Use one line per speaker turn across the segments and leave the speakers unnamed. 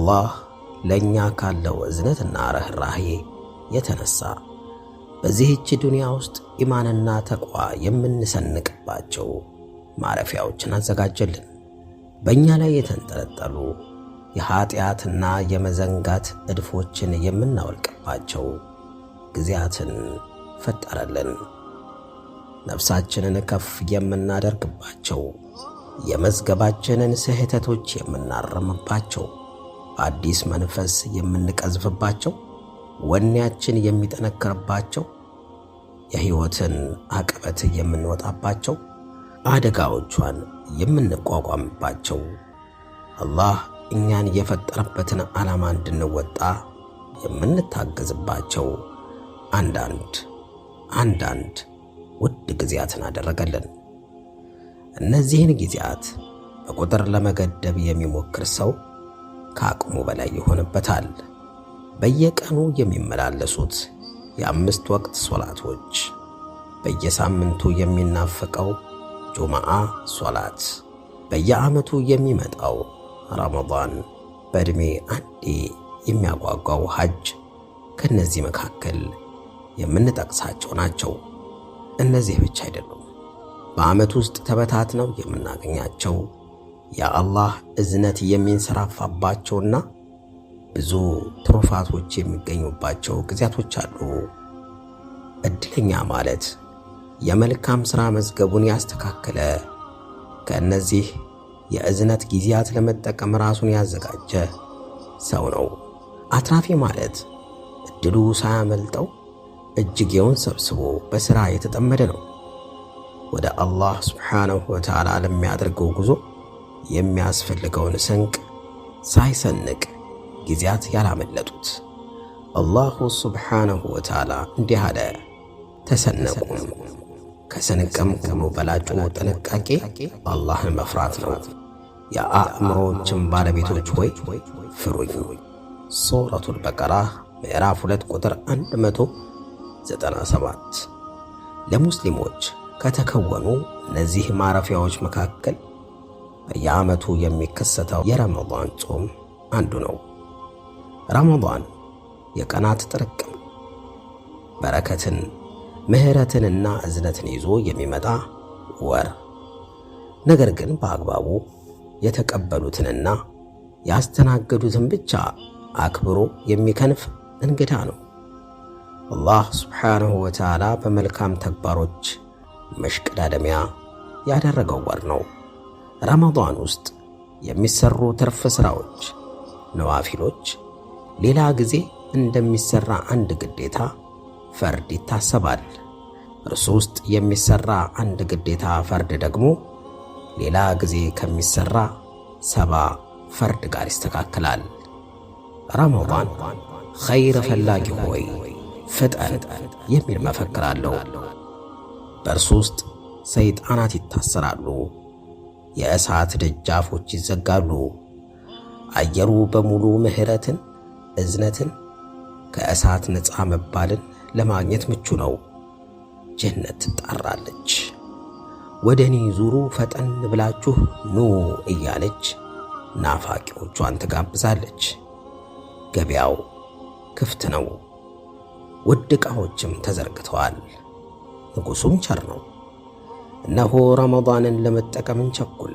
አላህ ለእኛ ካለው እዝነትና ርኅራሄ የተነሳ በዚህች ዱንያ ውስጥ ኢማንና ተቋ የምንሰንቅባቸው ማረፊያዎችን አዘጋጀልን። በእኛ ላይ የተንጠለጠሉ የኀጢአትና የመዘንጋት እድፎችን የምናወልቅባቸው ጊዜያትን ፈጠረልን። ነፍሳችንን ከፍ የምናደርግባቸው፣ የመዝገባችንን ስህተቶች የምናርምባቸው አዲስ መንፈስ የምንቀዝፍባቸው፣ ወኔያችን የሚጠነክርባቸው፣ የሕይወትን አቀበት የምንወጣባቸው፣ አደጋዎቿን የምንቋቋምባቸው አላህ እኛን የፈጠረበትን ዓላማ እንድንወጣ የምንታገዝባቸው አንዳንድ አንዳንድ ውድ ጊዜያትን አደረገልን። እነዚህን ጊዜያት በቁጥር ለመገደብ የሚሞክር ሰው ከአቅሙ በላይ ይሆንበታል። በየቀኑ የሚመላለሱት የአምስት ወቅት ሶላቶች፣ በየሳምንቱ የሚናፈቀው ጁማአ ሶላት፣ በየዓመቱ የሚመጣው ረመዳን፣ በዕድሜ አንዴ የሚያጓጓው ሐጅ ከእነዚህ መካከል የምንጠቅሳቸው ናቸው። እነዚህ ብቻ አይደሉም። በዓመት ውስጥ ተበታትነው የምናገኛቸው የአላህ እዝነት የሚንሰራፋባቸውና ብዙ ትሩፋቶች የሚገኙባቸው ጊዜያቶች አሉ። እድለኛ ማለት የመልካም ሥራ መዝገቡን ያስተካከለ ከእነዚህ የእዝነት ጊዜያት ለመጠቀም ራሱን ያዘጋጀ ሰው ነው። አትራፊ ማለት እድሉ ሳያመልጠው እጅጌውን ሰብስቦ በሥራ የተጠመደ ነው። ወደ አላህ ሱብሓነሁ ወተዓላ ለሚያደርገው ጉዞ የሚያስፈልገውን ስንቅ ሳይሰንቅ ጊዜያት ያላመለጡት አላሁ ሱብሓነሁ ወተዓላ እንዲህ አለ፣ ተሰነቁም ከስንቅም ሁሉ በላጩ ጥንቃቄ አላህን መፍራት ነው። የአእምሮዎችን ባለቤቶች ሆይ ፍሩኝ። ሱረቱል በቀራ ምዕራፍ 2 ቁጥር 197 ለሙስሊሞች ከተከወኑ እነዚህ ማረፊያዎች መካከል በየዓመቱ የሚከሰተው የረመዳን ጾም አንዱ ነው። ረመዳን የቀናት ጥርቅም በረከትን ምሕረትንና እዝነትን ይዞ የሚመጣ ወር ነገር ግን በአግባቡ የተቀበሉትንና ያስተናገዱትን ብቻ አክብሮ የሚከንፍ እንግዳ ነው። አላህ ስብሓንሁ ወተዓላ በመልካም ተግባሮች መሽቀዳደሚያ ያደረገው ወር ነው። ረመዳን ውስጥ የሚሰሩ ትርፍ ሥራዎች ነዋፊሎች ሌላ ጊዜ እንደሚሰራ አንድ ግዴታ ፈርድ ይታሰባል። እርሱ ውስጥ የሚሰራ አንድ ግዴታ ፈርድ ደግሞ ሌላ ጊዜ ከሚሰራ ሰባ ፈርድ ጋር ይስተካከላል። ረመዳን ኸይር ፈላጊ ሆይ ፍጠን የሚል መፈክር አለው። በእርሱ ውስጥ ሰይጣናት ይታሰራሉ። የእሳት ደጃፎች ይዘጋሉ። አየሩ በሙሉ ምሕረትን፣ እዝነትን፣ ከእሳት ነፃ መባልን ለማግኘት ምቹ ነው። ጀነት ትጣራለች። ወደ እኔ ዙሩ ፈጠን ብላችሁ ኑ እያለች ናፋቂዎቿን ትጋብዛለች። ገበያው ክፍት ነው። ውድ ዕቃዎችም ተዘርግተዋል። ንጉሡም ቸር ነው። እነሆ ረመዳንን ለመጠቀም እንቸኩል፣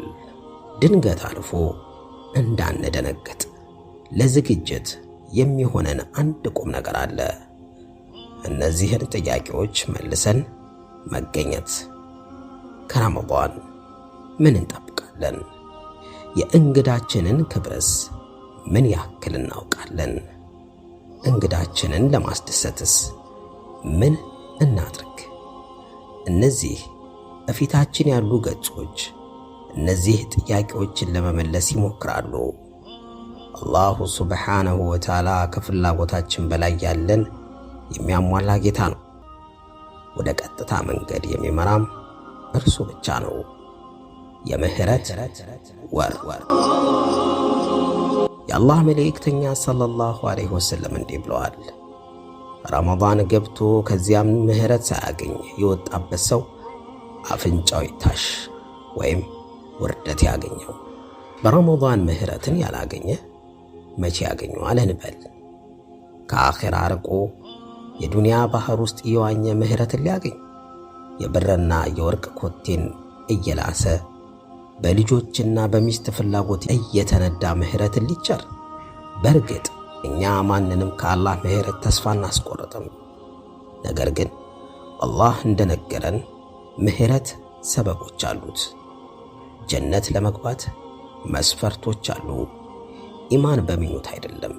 ድንገት አልፎ እንዳንደነግጥ። ለዝግጅት የሚሆነን አንድ ቁም ነገር አለ። እነዚህን ጥያቄዎች መልሰን መገኘት። ከረመዳን ምን እንጠብቃለን? የእንግዳችንን ክብርስ ምን ያክል እናውቃለን? እንግዳችንን ለማስደሰትስ ምን እናድርግ? እነዚህ እፊታችን ያሉ ገጾች እነዚህ ጥያቄዎችን ለመመለስ ይሞክራሉ። አላሁ ሱብሓነሁ ወተዓላ ከፍላጎታችን በላይ ያለን የሚያሟላ ጌታ ነው። ወደ ቀጥታ መንገድ የሚመራም እርሱ ብቻ ነው። የምህረት ወር የአላህ መልእክተኛ ሰለላሁ ዐለይሂ ወሰለም እንዲህ ብለዋል። ረመዳን ገብቶ ከዚያም ምህረት ሳያገኝ የወጣበት ሰው አፍንጫው ይታሽ ወይም ውርደት ያገኘው። በረመዳን ምህረትን ያላገኘ መቼ ያገኘዋል እንበል። ከአኼራ ርቆ የዱንያ ባህር ውስጥ እየዋኘ ምህረትን ሊያገኝ የብርና የወርቅ ኮቴን እየላሰ በልጆችና በሚስት ፍላጎት እየተነዳ ምህረትን ሊቸር። በእርግጥ እኛ ማንንም ከአላህ ምህረት ተስፋ እናስቆርጥም። ነገር ግን አላህ እንደነገረን ምህረት ሰበቦች አሉት። ጀነት ለመግባት መስፈርቶች አሉ። ኢማን በሚሉት አይደለም፣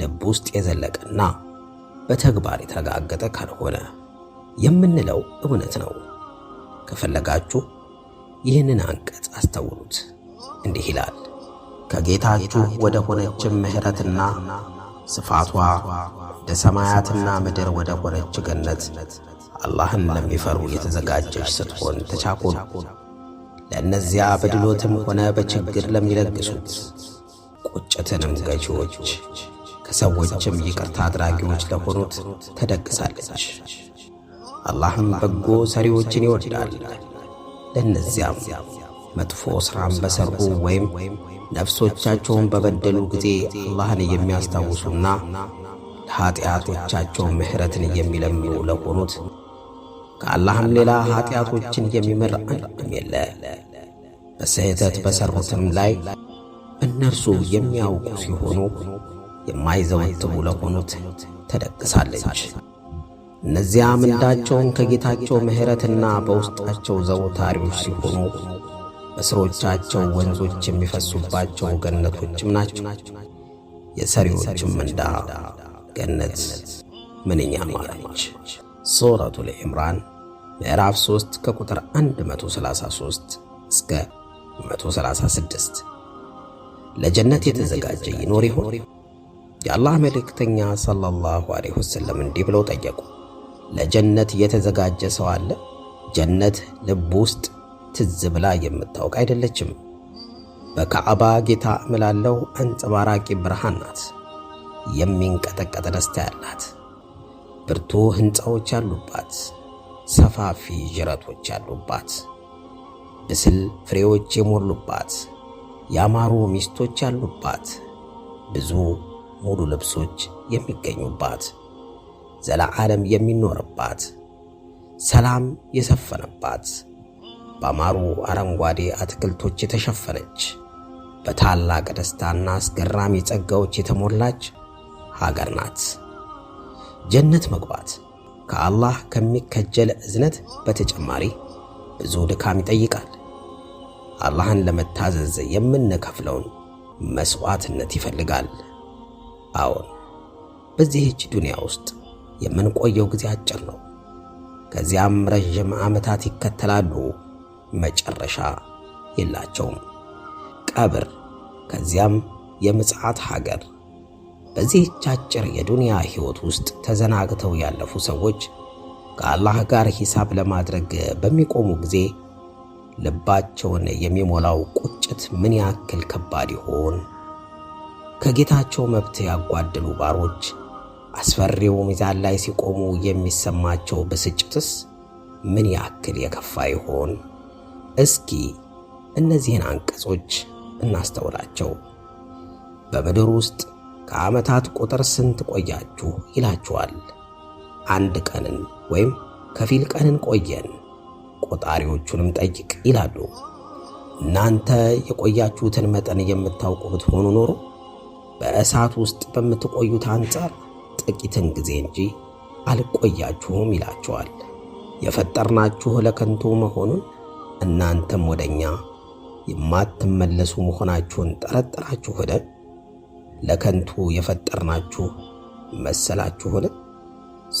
ልብ ውስጥ የዘለቀና በተግባር የተረጋገጠ ካልሆነ የምንለው እውነት ነው። ከፈለጋችሁ ይህንን አንቀጽ አስተውሉት። እንዲህ ይላል ከጌታችሁ ወደ ሆነችም ምህረትና ስፋቷ እንደ ሰማያትና ምድር ወደ ሆነች ገነት አላህን ለሚፈሩ የተዘጋጀች ስትሆን ተቻኮሉ። ለእነዚያ በድሎትም ሆነ በችግር ለሚለግሱት ቁጭትንም ገዢዎች ከሰዎችም ይቅርታ አድራጊዎች ለሆኑት ተደግሳለች። አላህም በጎ ሰሪዎችን ይወዳል። ለእነዚያም መጥፎ ሥራም በሠሩ ወይም ነፍሶቻቸውን በበደሉ ጊዜ አላህን የሚያስታውሱና ለኀጢአቶቻቸው ምሕረትን የሚለምኑ ለሆኑት ከአላህም ሌላ ኀጢአቶችን የሚምር አንድም የለ። በስህተት በሠሩትም ላይ እነርሱ የሚያውቁ ሲሆኑ የማይዘወትሩ ለሆኑት ተደቅሳለች። እነዚያ ምንዳቸውን ከጌታቸው ምሕረትና በውስጣቸው ዘውታሪዎች ሲሆኑ በሥሮቻቸው ወንዞች የሚፈሱባቸው ገነቶችም ናቸው። የሰሪዎችም ምንዳ ገነት ምንኛ ማለች! ሱረቱል ኢምራን ምዕራፍ 3 ከቁጥር 133 እስከ 136 ለጀነት የተዘጋጀ ይኖር ይሆን? የአላህ መልእክተኛ ሰለላሁ ዐለይሂ ወሰለም እንዲህ ብለው ጠየቁ። ለጀነት የተዘጋጀ ሰው አለ? ጀነት ልብ ውስጥ ትዝ ብላ የምታውቅ አይደለችም። በካዕባ ጌታ እምላለው አንጸባራቂ ብርሃን ናት። የሚንቀጠቀጥ ደስታ ያላት ብርቱ ሕንፃዎች ያሉባት ሰፋፊ ጅረቶች ያሉባት፣ ብስል ፍሬዎች የሞሉባት፣ ያማሩ ሚስቶች ያሉባት፣ ብዙ ሙሉ ልብሶች የሚገኙባት፣ ዘለዓለም የሚኖርባት፣ ሰላም የሰፈነባት፣ በአማሩ አረንጓዴ አትክልቶች የተሸፈነች፣ በታላቅ ደስታና አስገራሚ ጸጋዎች የተሞላች ሀገር ናት። ጀነት መግባት ከአላህ ከሚከጀል እዝነት በተጨማሪ ብዙ ድካም ይጠይቃል። አላህን ለመታዘዝ የምንከፍለውን መስዋዕትነት ይፈልጋል። አዎን በዚህች ዱንያ ውስጥ የምንቆየው ጊዜ አጭር ነው። ከዚያም ረዥም ዓመታት ይከተላሉ፣ መጨረሻ የላቸውም። ቀብር፣ ከዚያም የምጽዓት ሀገር በዚህች አጭር የዱንያ ሕይወት ውስጥ ተዘናግተው ያለፉ ሰዎች ከአላህ ጋር ሂሳብ ለማድረግ በሚቆሙ ጊዜ ልባቸውን የሚሞላው ቁጭት ምን ያክል ከባድ ይሆን? ከጌታቸው መብት ያጓደሉ ባሮች አስፈሪው ሚዛን ላይ ሲቆሙ የሚሰማቸው ብስጭትስ ምን ያክል የከፋ ይሆን? እስኪ እነዚህን አንቀጾች እናስተውላቸው። በምድር ውስጥ ከዓመታት ቁጥር ስንት ቆያችሁ ይላችኋል። አንድ ቀንን ወይም ከፊል ቀንን ቆየን፣ ቆጣሪዎቹንም ጠይቅ ይላሉ። እናንተ የቆያችሁትን መጠን የምታውቁ ብትሆኑ ኖሮ በእሳት ውስጥ በምትቆዩት አንጻር ጥቂትን ጊዜ እንጂ አልቆያችሁም ይላችኋል። የፈጠርናችሁ ለከንቱ መሆኑን እናንተም ወደ እኛ የማትመለሱ መሆናችሁን ጠረጠራችሁ ሄደ ለከንቱ የፈጠርናችሁ መሰላችሁን?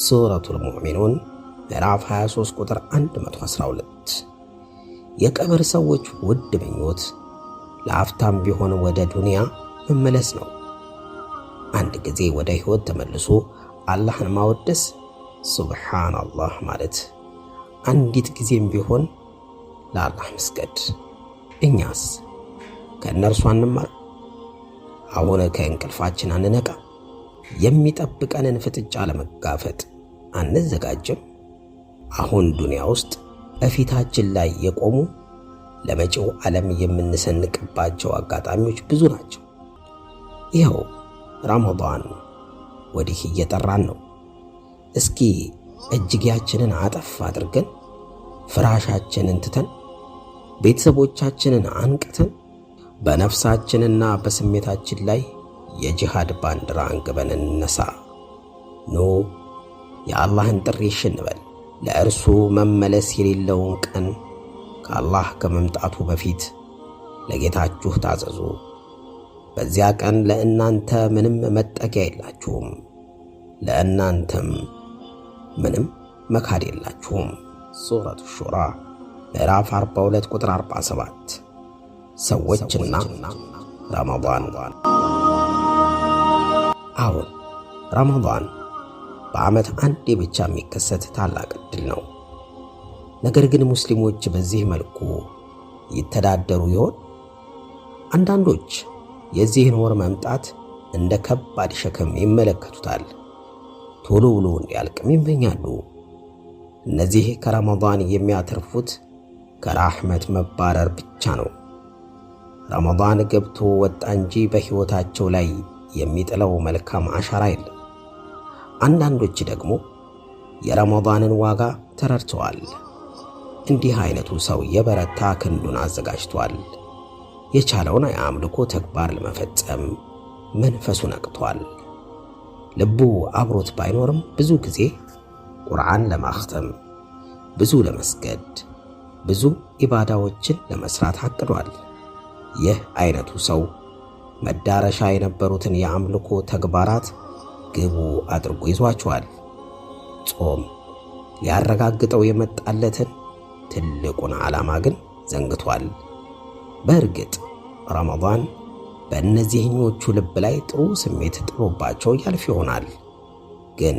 ሱረቱል ሙእሚኑን ምዕራፍ 23 ቁጥር 112። የቀብር ሰዎች ውድ ምኞት ለአፍታም ቢሆን ወደ ዱንያ መመለስ ነው። አንድ ጊዜ ወደ ሕይወት ተመልሶ አላህን ማወደስ ሱብሓናላህ ማለት አንዲት ጊዜም ቢሆን ለአላህ መስገድ። እኛስ ከእነርሱ አንማር? አሁን ከእንቅልፋችን አንነቃ? የሚጠብቀንን ፍጥጫ ለመጋፈጥ አንዘጋጅም? አሁን ዱንያ ውስጥ በፊታችን ላይ የቆሙ ለመጪው ዓለም የምንሰንቅባቸው አጋጣሚዎች ብዙ ናቸው። ይኸው ረመዳን ወዲህ እየጠራን ነው። እስኪ እጅጌያችንን አጠፍ አድርገን ፍራሻችንን ትተን ቤተሰቦቻችንን አንቅተን በነፍሳችንና በስሜታችን ላይ የጂሃድ ባንዲራ አንግበን እንነሳ። ኑ የአላህን ጥሪ ሽንበል። ለእርሱ መመለስ የሌለውን ቀን ከአላህ ከመምጣቱ በፊት ለጌታችሁ ታዘዙ። በዚያ ቀን ለእናንተ ምንም መጠጊያ የላችሁም፣ ለእናንተም ምንም መካድ የላችሁም። ሱረቱ ሹራ ምዕራፍ 42 ቁጥር 47 ሰዎችና ረመዳን። አሁን ረመዳን በዓመት አንዴ ብቻ የሚከሰት ታላቅ ዕድል ነው። ነገር ግን ሙስሊሞች በዚህ መልኩ ይተዳደሩ ይሆን? አንዳንዶች የዚህን ወር መምጣት እንደ ከባድ ሸክም ይመለከቱታል። ቶሎ ብሎ እንዲያልቅም ይመኛሉ። እነዚህ ከረመዳን የሚያተርፉት ከራህመት መባረር ብቻ ነው። ረመዳን ገብቶ ወጣ እንጂ በሕይወታቸው ላይ የሚጥለው መልካም አሻራ የለም። አንዳንዶች ደግሞ የረመዳንን ዋጋ ተረድተዋል። እንዲህ አይነቱ ሰው የበረታ ክንዱን አዘጋጅቷል። የቻለውን የአምልኮ ተግባር ለመፈጸም መንፈሱ ነቅቷል። ልቡ አብሮት ባይኖርም ብዙ ጊዜ ቁርአን ለማክተም፣ ብዙ ለመስገድ፣ ብዙ ኢባዳዎችን ለመስራት አቅዷል። ይህ አይነቱ ሰው መዳረሻ የነበሩትን የአምልኮ ተግባራት ግቡ አድርጎ ይዟቸዋል። ጾም ሊያረጋግጠው የመጣለትን ትልቁን ዓላማ ግን ዘንግቷል። በእርግጥ ረመዳን በእነዚህኞቹ ልብ ላይ ጥሩ ስሜት ጥሎባቸው ያልፍ ይሆናል። ግን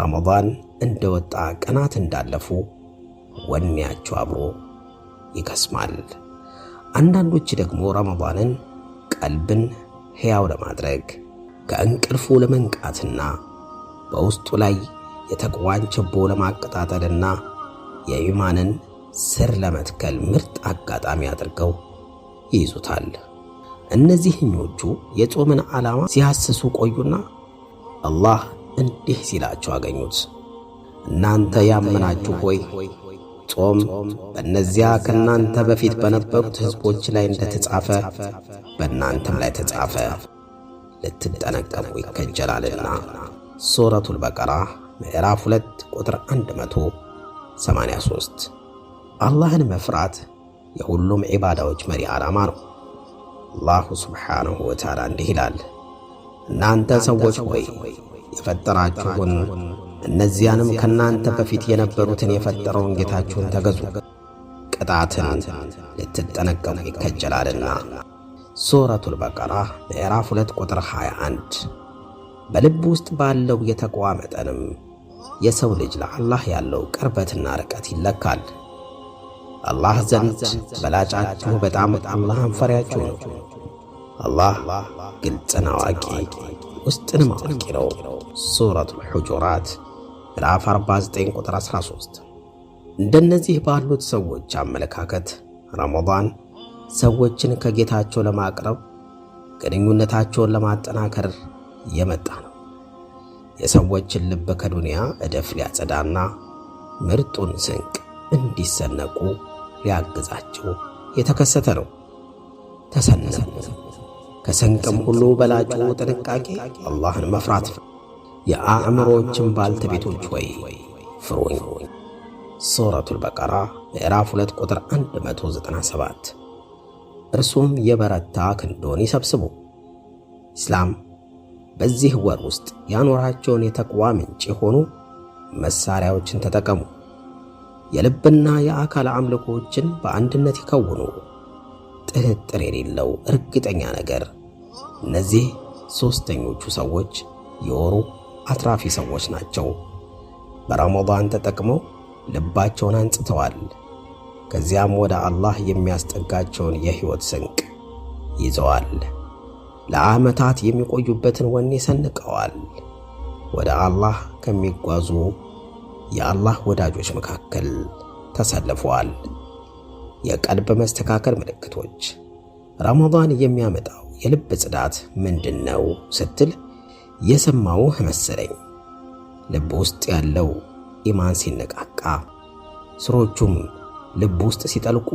ረመዳን እንደወጣ ቀናት እንዳለፉ ወኔያቸው አብሮ ይከስማል። አንዳንዶች ደግሞ ረመዳንን ቀልብን ሕያው ለማድረግ ከእንቅልፉ ለመንቃትና በውስጡ ላይ የተቋዋን ችቦ ለማቀጣጠልና የኢማንን ስር ለመትከል ምርጥ አጋጣሚ አድርገው ይይዙታል። እነዚህኞቹ የጾምን ዓላማ ሲያስሱ ቆዩና አላህ እንዲህ ሲላቸው አገኙት፣ እናንተ ያመናችሁ ሆይ ጾም በእነዚያ ከእናንተ በፊት በነበሩት ሕዝቦች ላይ እንደተጻፈ በእናንተም ላይ ተጻፈ፣ ልትጠነቀቁ ይከጀላልና። ሱረቱል በቀራ ምዕራፍ 2 ቁጥር 183። አላህን መፍራት የሁሉም ዒባዳዎች መሪ ዓላማ ነው። አላሁ ሱብሓነሁ ወተዓላ እንዲህ ይላል፣ እናንተ ሰዎች ሆይ የፈጠራችሁን እነዚያንም ከእናንተ በፊት የነበሩትን የፈጠረውን ጌታችሁን ተገዙ፣ ቅጣትን ልትጠነቀቁ ይከጀላልና። ሱረቱል በቀራ ምዕራፍ 2 ቁጥር 21። በልብ ውስጥ ባለው የተቋዋ መጠንም የሰው ልጅ ለአላህ ያለው ቅርበትና ርቀት ይለካል። አላህ ዘንድ በላጫችሁ በጣም አላህን ፈሪያችሁ ነው። አላህ ግልጽን አዋቂ ውስጥንም አዋቂ ነው። ሱረቱል ሁጁራት ምዕራፍ 49 ቁጥር 13። እንደነዚህ ባሉት ሰዎች አመለካከት ረመዳን ሰዎችን ከጌታቸው ለማቅረብ ግንኙነታቸውን ለማጠናከር የመጣ ነው። የሰዎችን ልብ ከዱንያ እደፍ ሊያጸዳና ምርጡን ስንቅ እንዲሰነቁ ሊያግዛቸው የተከሰተ ነው። ተሰነሰ ከስንቅም ሁሉ በላጩ ጥንቃቄ አላህን መፍራት ነው። የአእምሮዎችን ባልተቤቶች ወይ ፍሩኝ። ሱረቱል በቀራ ምዕራፍ 2 ቁጥር 197። እርሱም የበረታ ክንዶን ይሰብስቡ። ኢስላም በዚህ ወር ውስጥ ያኖራቸውን የተቅዋ ምንጭ የሆኑ መሳሪያዎችን ተጠቀሙ። የልብና የአካል አምልኮዎችን በአንድነት ይከውኑ። ጥርጥር የሌለው እርግጠኛ ነገር እነዚህ ሦስተኞቹ ሰዎች የወሩ አትራፊ ሰዎች ናቸው። በረመዳን ተጠቅመው ልባቸውን አንጽተዋል። ከዚያም ወደ አላህ የሚያስጠጋቸውን የሕይወት ስንቅ ይዘዋል። ለዓመታት የሚቆዩበትን ወኔ ሰንቀዋል። ወደ አላህ ከሚጓዙ የአላህ ወዳጆች መካከል ተሰልፈዋል። የቀልብ መስተካከል ምልክቶች። ረመዳን የሚያመጣው የልብ ጽዳት ምንድን ነው ስትል የሰማውህ መሰለኝ። ልብ ውስጥ ያለው ኢማን ሲነቃቃ፣ ስሮቹም ልብ ውስጥ ሲጠልቁ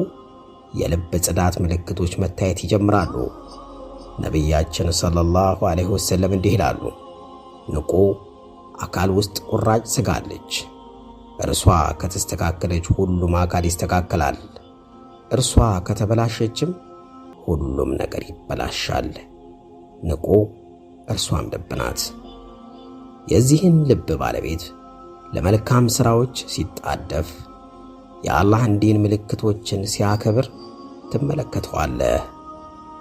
የልብ ጽዳት ምልክቶች መታየት ይጀምራሉ። ነቢያችን ሰለላሁ ዐለይሂ ወሰለም እንዲህ ይላሉ፣ ንቁ አካል ውስጥ ቁራጭ ስጋለች። አለች። እርሷ ከተስተካከለች ሁሉም አካል ይስተካከላል። እርሷ ከተበላሸችም ሁሉም ነገር ይበላሻል። ንቁ እርሷም ልብ ናት። የዚህን ልብ ባለቤት ለመልካም ሥራዎች ሲጣደፍ የአላህን ዲን ምልክቶችን ሲያከብር ትመለከተዋለህ።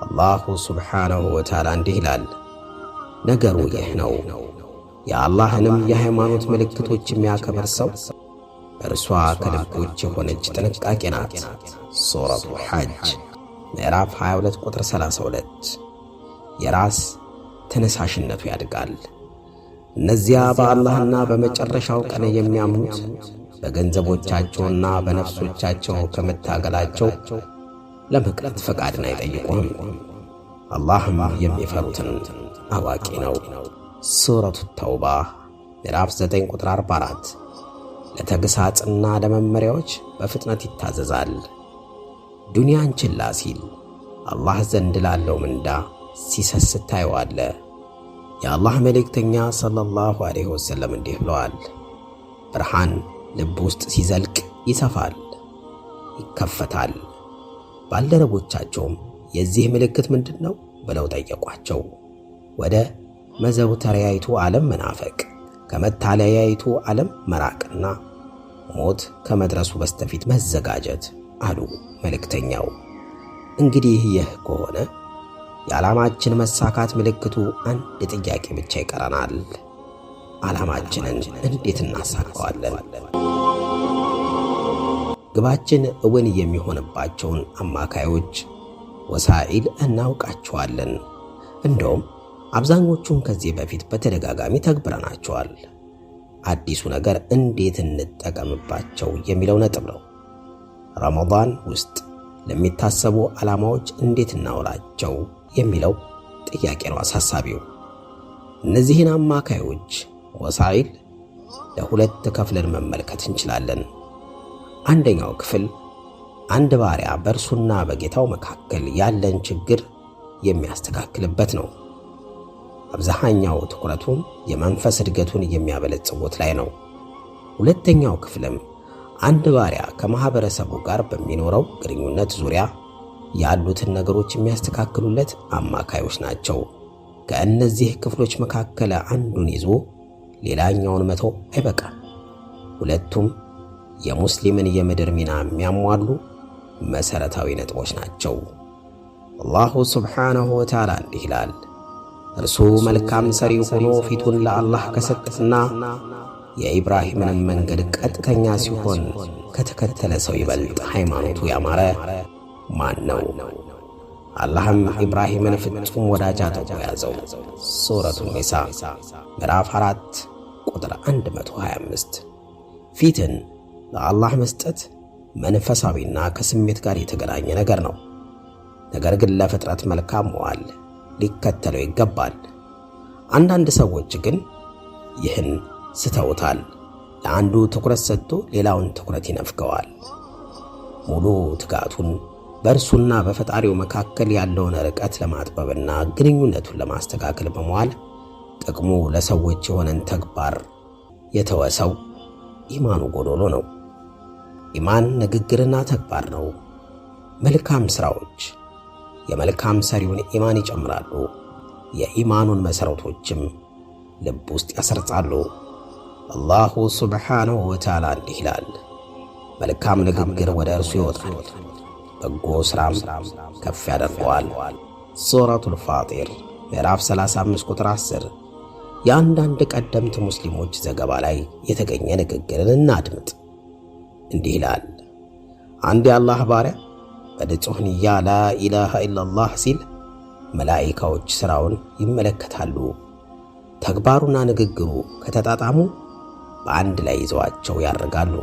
አላሁ ሱብሓነሁ ወተዓላ እንዲህ ይላል፣ ነገሩ ይህ ነው። የአላህንም የሃይማኖት ምልክቶች የሚያከብር ሰው እርሷ ከልቦች የሆነች ጥንቃቄ ናት። ሱረቱ ሐጅ ምዕራፍ 22 ቁጥር 32 የራስ ተነሳሽነቱ ያድጋል። እነዚያ በአላህና በመጨረሻው ቀን የሚያምኑት በገንዘቦቻቸውና በነፍሶቻቸው ከመታገላቸው ለመቅረት ፈቃድን አይጠይቁም። አላህም የሚፈሩትን አዋቂ ነው። ሱረቱ ተውባ ምዕራፍ 9 ቁጥር 44 ለተግሳጽና ለመመሪያዎች በፍጥነት ይታዘዛል። ዱንያን ችላ ሲል አላህ ዘንድ ላለው ምንዳ ሲሰስት ታየዋለህ። የአላህ መልእክተኛ ሰለላሁ ዐለይሂ ወሰለም እንዲህ ብለዋል፣ ብርሃን ልብ ውስጥ ሲዘልቅ ይሰፋል፣ ይከፈታል። ባልደረቦቻቸውም የዚህ ምልክት ምንድን ነው ብለው ጠየቋቸው። ወደ መዘውተሪያይቱ ዓለም መናፈቅ፣ ከመታለያይቱ ዓለም መራቅና ሞት ከመድረሱ በስተፊት መዘጋጀት አሉ መልእክተኛው። እንግዲህ ይህ ከሆነ የዓላማችን መሳካት ምልክቱ አንድ ጥያቄ ብቻ ይቀረናል። ዓላማችንን እንዴት እናሳካዋለን? ግባችን እውን የሚሆንባቸውን አማካዮች ወሳኢል እናውቃቸዋለን። እንደውም አብዛኞቹን ከዚህ በፊት በተደጋጋሚ ተግብረናቸዋል። አዲሱ ነገር እንዴት እንጠቀምባቸው የሚለው ነጥብ ነው። ረመዳን ውስጥ ለሚታሰቡ ዓላማዎች እንዴት እናውላቸው የሚለው ጥያቄ ነው አሳሳቢው። እነዚህን አማካዮች ወሳይል ለሁለት ከፍለን መመልከት እንችላለን። አንደኛው ክፍል አንድ ባሪያ በእርሱና በጌታው መካከል ያለን ችግር የሚያስተካክልበት ነው። አብዛኛው ትኩረቱም የመንፈስ እድገቱን የሚያበለጽጉት ላይ ነው። ሁለተኛው ክፍልም አንድ ባሪያ ከማኅበረሰቡ ጋር በሚኖረው ግንኙነት ዙሪያ ያሉትን ነገሮች የሚያስተካክሉለት አማካዮች ናቸው። ከእነዚህ ክፍሎች መካከል አንዱን ይዞ ሌላኛውን መተው አይበቃም። ሁለቱም የሙስሊምን የምድር ሚና የሚያሟሉ መሰረታዊ ነጥቦች ናቸው። አላሁ ስብሓነሁ ወተዓላ እንዲህ ይላል፣ እርሱ መልካም ሰሪ ሆኖ ፊቱን ለአላህ ከሰጠና የኢብራሂምንም መንገድ ቀጥተኛ ሲሆን ከተከተለ ሰው ይበልጥ ሃይማኖቱ ያማረ ማን ነው? አላህም ኢብራሂምን ፍጹም ወዳጅ አድርጎ ያዘው። ሱረቱ ኒሳ ምዕራፍ 4 ቁጥር 125። ፊትን ለአላህ መስጠት መንፈሳዊና ከስሜት ጋር የተገናኘ ነገር ነው። ነገር ግን ለፍጥረት መልካም መዋል ሊከተለው ይገባል። አንዳንድ ሰዎች ግን ይህን ስተውታል። ለአንዱ ትኩረት ሰጥቶ ሌላውን ትኩረት ይነፍገዋል። ሙሉ ትጋቱን በእርሱና በፈጣሪው መካከል ያለውን ርቀት ለማጥበብና ግንኙነቱን ለማስተካከል በመዋል ጥቅሙ ለሰዎች የሆነን ተግባር የተወሰው ኢማኑ ጎዶሎ ነው። ኢማን ንግግርና ተግባር ነው። መልካም ሥራዎች የመልካም ሰሪውን ኢማን ይጨምራሉ። የኢማኑን መሠረቶችም ልብ ውስጥ ያሰርጻሉ። አላሁ ሱብሓነሁ ወተዓላ እንዲህ ይላል፣ መልካም ንግግር ወደ እርሱ ይወጣል በጎ ሥራም ከፍ ያደርገዋል። ሱረቱል ፋጢር ምዕራፍ 35 ቁጥር 10። የአንዳንድ ቀደምት ሙስሊሞች ዘገባ ላይ የተገኘ ንግግርን እናድምጥ። እንዲህ ይላል። አንድ የአላህ ባሪያ በንጹሕ ንያ ላኢላሃ ኢላላህ ሲል መላኢካዎች ሥራውን ይመለከታሉ። ተግባሩና ንግግሩ ከተጣጣሙ በአንድ ላይ ይዘዋቸው ያደርጋሉ።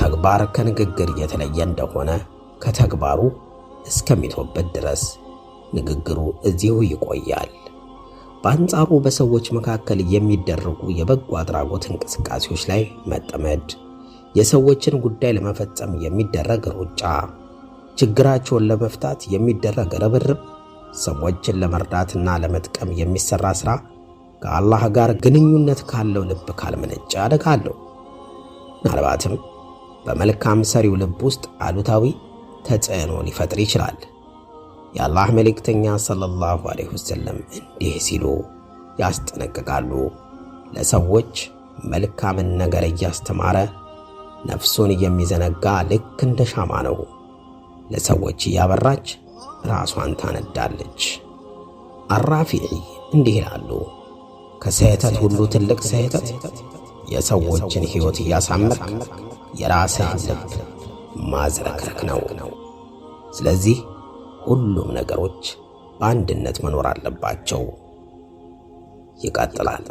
ተግባር ከንግግር የተለየ እንደሆነ ከተግባሩ እስከሚተውበት ድረስ ንግግሩ እዚሁ ይቆያል። በአንጻሩ በሰዎች መካከል የሚደረጉ የበጎ አድራጎት እንቅስቃሴዎች ላይ መጠመድ፣ የሰዎችን ጉዳይ ለመፈጸም የሚደረግ ሩጫ፣ ችግራቸውን ለመፍታት የሚደረግ ርብርብ፣ ሰዎችን ለመርዳትና ለመጥቀም የሚሰራ ሥራ ከአላህ ጋር ግንኙነት ካለው ልብ ካልመነጨ አደጋለሁ። ምናልባትም በመልካም ሰሪው ልብ ውስጥ አሉታዊ ተጽዕኖ ሊፈጥር ይችላል። የአላህ መልእክተኛ ሰለላሁ ዐለይሂ ወሰለም እንዲህ ሲሉ ያስጠነቅቃሉ። ለሰዎች መልካምን ነገር እያስተማረ ነፍሱን የሚዘነጋ ልክ እንደ ሻማ ነው። ለሰዎች እያበራች ራሷን ታነዳለች። አራፊዒ እንዲህ ይላሉ። ከስህተት ሁሉ ትልቅ ስህተት የሰዎችን ሕይወት እያሳመርክ የራስህን ልብ ማዝረክረክ ነው። ስለዚህ ሁሉም ነገሮች በአንድነት መኖር አለባቸው። ይቀጥላል።